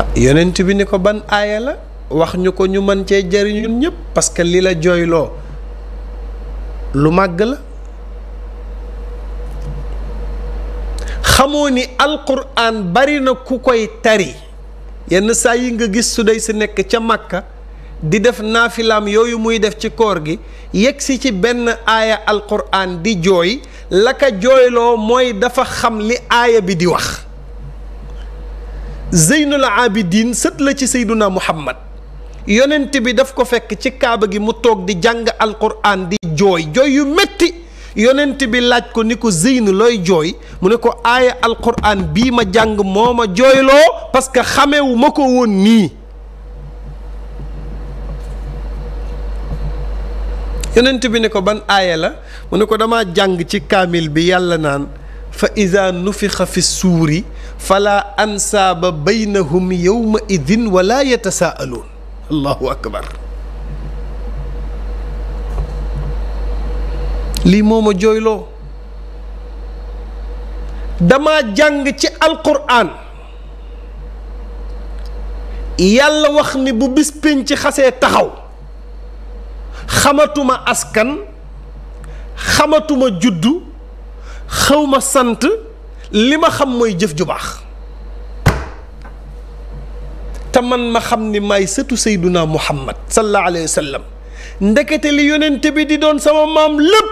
Ah, yonent bi ni ko ban aaya la wax ñu ko ñu mën cee jariñu ñun ñëpp parce que li la jooyloo lu màgg la xamoo ni alquran bari ku koy tari yenn saa yi nga gis su day si nekk ca màkka di def naafilaam yooyu muy def ci koor gi yegg si ci benn aaya alquran di jooy lakka jooyloo mooy dafa xam li aaya bi di wax zeynul abidin sët la ci seyduna muhammad yonent bi daf ko fekk ci kaaba gi mu toog di jàng alquran di jooy jooy yu métti yonent bi laaj ko ni ko zeynu looy jooy mu ne ko aaya alquran bii ma jàng mooma ma jooyloo parce que xamewu ma ko woon nii yonent bi ne ko ban aaya la mu ne ko dama jàng ci kaamil bi yàlla naan fa ida nufixa fi suuri falaa ansaaba baynahum yowma idin wala yatasaaluun allahu akbar lii moo ma jooyloo dama jàng ci alquraan yàlla wax ni bu bis pénc xasee taxaw xamatuma askan xamatuma juddu xawma sant li ma xam mooy jëf ju baax te man ma xam ni maay sëtu sayduna muhammad sallallahu alayhi wa sallam ndekete li yonent bi di doon sama maam lépp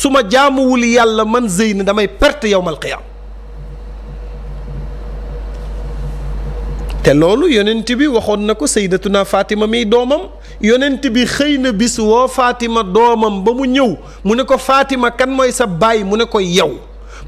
su ma jaamuwul yàlla man zëy na damay perte yowmal qiyaam te loolu yonent bi waxoon na ko seydatu sayyidatuna Fatima miy doomam yonent bi xëy na bis woo Fatima doomam ba mu ñëw mu ne ko Fatima kan mooy sa baay mu ne ko yow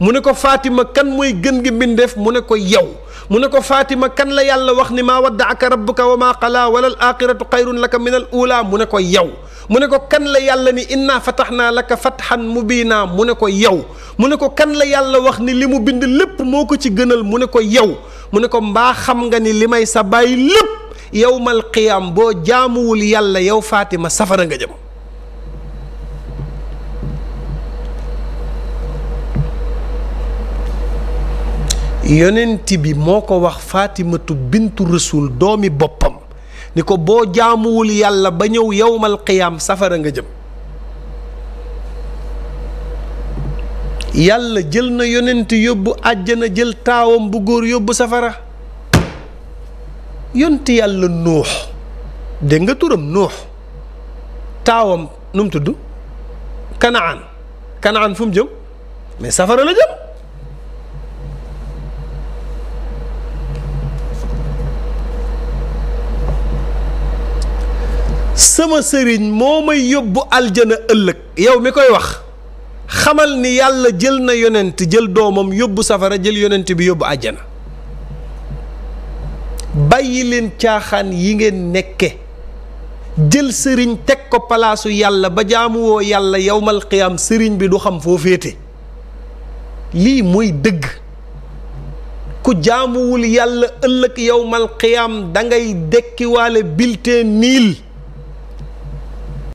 mu ne ko Fatima kan mooy gën gi mbindeef mu ne ko yow mu ne ko Fatima kan la yàlla wax ni maa waddaaka rabbuka wa maa qalaa wala al aaxiratu xayrun laka min al uulaa mu ne ko yow mu ne ko kan la yàlla ni innaa fataxnaa laka fatxan mubiinaa mu ne ko yow mu ne ko kan la yàlla wax ni li mu bind lépp moo ko ci gënal mu ne ko yow mu ne ko mbaa xam nga ni li may sa bàyyi lépp yowmal qiyaam boo jaamuwul yàlla yow Fatima safara nga jëm yonent bi moo ko wax Fatimatu bintu Rasul doomi boppam ni ko boo jaamuwul yàlla ba ñëw yowmal qiyaam safara nga jëm yàlla jël na yonent yóbbu àjjana jël taawam bu góor yóbbu safara yonent yàlla nuux dégg nga turam nuux taawam nu mu tudd kanaan kanaan fu mu jëm mais safara la jëm sama sëriñ moo may yóbbu aljana ëllëg yow mi koy wax xamal ni yàlla jël na yonent jël doomam yóbbu safara jël yonent bi yóbbu àjjana bàyyi leen caaxaan yi ngeen nekke jël sëriñ teg ko palaasu yàlla ba jaamuwoo yàlla yowmal qiyaam sëriñ bi du xam foo féete lii mooy dëgg ku jaamuwul yàlla ëllëg yowmal qiyaam dangay ngay dekkiwaale bulletin niil